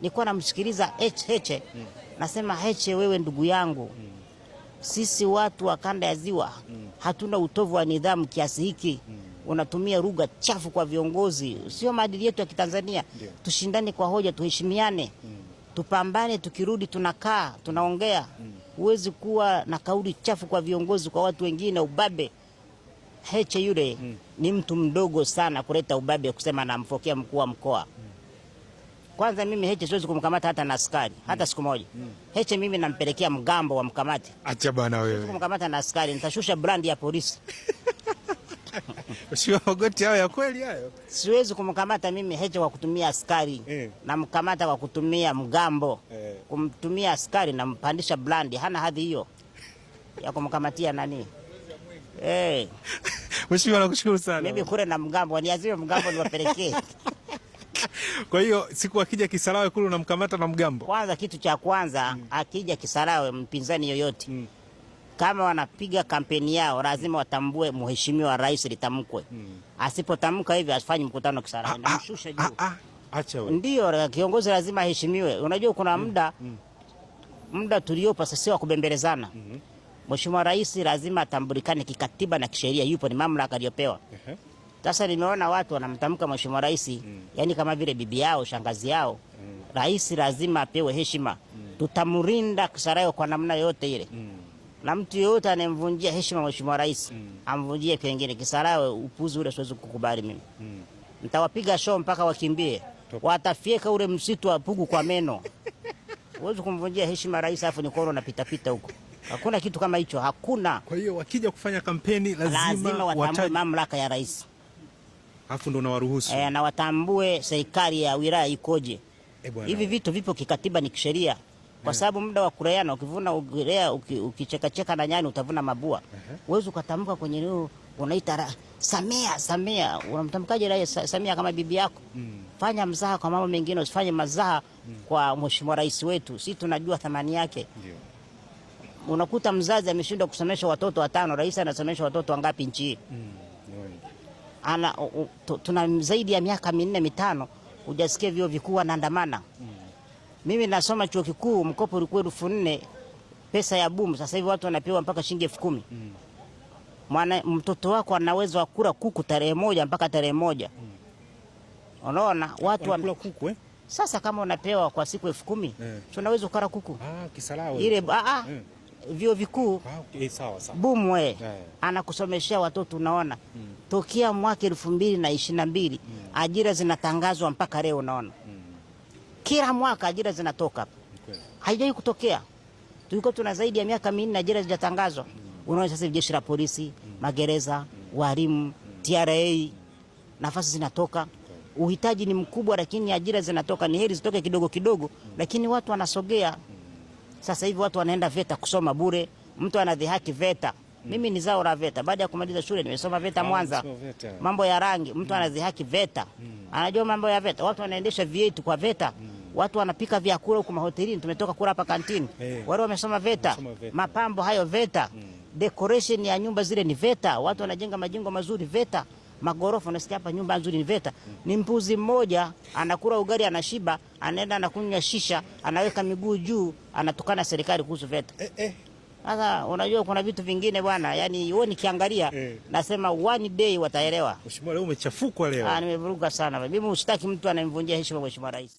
nilikuwa namsikiliza Heche, nasema Heche, wewe ndugu yangu, sisi watu wa kanda ya Ziwa hatuna utovu wa nidhamu kiasi hiki unatumia lugha chafu kwa viongozi, sio maadili yetu ya Kitanzania. Tushindane kwa hoja, tuheshimiane, mm. tupambane. Tukirudi tunakaa tunaongea, huwezi kuwa na kauli chafu kwa viongozi, kwa watu wengine, ubabe. Heche yule mm. ni mtu mdogo sana kuleta ubabe, kusema nampokea mkuu wa mkoa mm. Kwanza mimi Heche siwezi kumkamata hata na askari hata siku moja. Heche mimi nampelekea mgambo wa mkamati. Acha bwana wewe. Kumkamata na askari nitashusha brandi ya polisi. Sio magoti hayo ya kweli hayo. Siwezi kumkamata mimi Heche kwa kutumia askari eh. Namkamata kwa kutumia mgambo eh. Kumtumia askari nampandisha brandi, hana hadhi hiyo ya kumkamatia nani eh. Mheshimiwa, nakushukuru sana. Mimi kule na mgambo niazime mgambo niwapelekee Kwa hiyo siku akija Kisarawe kule unamkamata na mgambo. Kwanza kitu cha kwanza mm. akija Kisarawe mpinzani yoyote mm. kama wanapiga kampeni yao lazima watambue mheshimiwa rais litamkwe mm. asipotamka hivi asifanye mkutano Kisarawe, ah, ah, namshusha juu. Ah, acha wewe. Ndio kiongozi lazima aheshimiwe. Unajua kuna mm, muda mm. muda tuliopa sasa wa kubembelezana mm -hmm. Mheshimiwa rais lazima atambulikane kikatiba na kisheria, yupo ni mamlaka aliyopewa. uh -huh. Sasa nimeona watu wanamtamka mheshimiwa rais mm. yani kama vile bibi yao, shangazi yao mm. Rais lazima apewe heshima mm. Tutamrinda Kisarayo kwa namna yote ile mm. na mtu yoyote anemvunjia heshima mheshimiwa rais mm. amvunjie pengine Kisarayo. Upuzi ule siwezi kukubali mimi mm. Nitawapiga show mpaka wakimbie, Top. watafieka ule msitu wa Pugu kwa meno Huwezi kumvunjia heshima rais afu nikono napita pita huko. Hakuna kitu kama hicho, hakuna. Kwa hiyo wakija kufanya kampeni lazima, lazima watambue mamlaka ya rais. Alafu ndo nawaruhusu. Eh, na watambue serikali ya wilaya ikoje. Eh, Hivi e, vitu vipo kikatiba ni kisheria. Kwa eh. sababu muda wa kurayana ukivuna ugirea uki, ukichekacheka na nyani utavuna mabua. Uwezi ukatamka kwenye leo unaita Samia Samia, unamtamkaje rais Samia kama bibi yako? Mm. Fanya mzaha kwa mambo mengine, usifanye mazaha mm, kwa mheshimiwa rais wetu. Sisi tunajua thamani yake. Ndio. Unakuta mzazi ameshindwa kusomesha watoto watano, rais anasomesha watoto wangapi nchi? Mm ana u, tuna zaidi ya miaka minne mitano hujasikia vyuo vikuu wanaandamana. Mm. Mimi nasoma chuo kikuu, mkopo ulikuwa elfu nne pesa ya bumu, sasa hivi watu wanapewa mpaka shilingi elfu kumi. Mm. Mwana mtoto wako anaweza wakula kuku tarehe moja mpaka tarehe moja. Mm. Unaona watu wanakula kuku eh? Sasa kama unapewa kwa siku elfu kumi eh. tunaweza ukala kuku ah, ile ah. ah. eh vyuo vikuu ah, Bumwe yeah. Anakusomeshea watoto unaona mm. Tokea mwaka elfu mbili na ishirini na mbili mm. Ajira zinatangazwa mpaka leo unaona mm. Kila mwaka ajira zinatoka okay. Haijai kutokea, tulikuwa tuna zaidi ya miaka minne ajira zijatangazwa mm. Unaona sasa jeshi la polisi mm. magereza mm. walimu mm. TRA mm. nafasi zinatoka okay. Uhitaji ni mkubwa, lakini ajira zinatoka. Ni heri zitoke kidogo kidogo mm. Lakini watu wanasogea mm. Sasa hivi watu wanaenda VETA kusoma bure, mtu anadhihaki VETA. Mimi ni zao la VETA. Baada ya kumaliza shule nimesoma VETA Mwanza, mambo ya rangi. Mtu anadhihaki mm. VETA, mm. anajua mambo ya VETA. Watu wanaendesha vietu kwa VETA, mm. watu wanapika vyakula huko mahotelini, tumetoka kula hapa kantini, eh. wale wamesoma VETA. Mapambo hayo VETA, decoration ya nyumba zile ni VETA, watu wanajenga majengo mazuri VETA magorofa, unasikia hapa nyumba nzuri ni VETA. Ni mpuzi mmoja anakula ugali, anashiba, anaenda anakunywa shisha, anaweka miguu juu, anatukana serikali kuhusu VETA. Eh, eh. Sasa unajua kuna vitu vingine bwana, yani wewe nikiangalia eh, nasema one day wataelewa. Mheshimiwa, leo umechafukwa leo. Ah, nimevuruga sana. Mimi usitaki mtu anamvunjia heshima Mheshimiwa Rais.